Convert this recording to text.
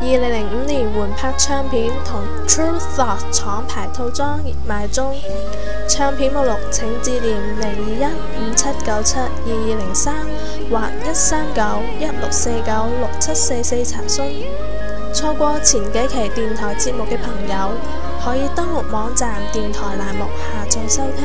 二零零五年換拍唱片同 True Thought 廠牌套裝熱賣中，唱片目錄請致電零二一五七九七二二零三或一三九一六四九六七四四查詢。錯過前幾期電台節目嘅朋友，可以登錄網站電台欄目下載收聽。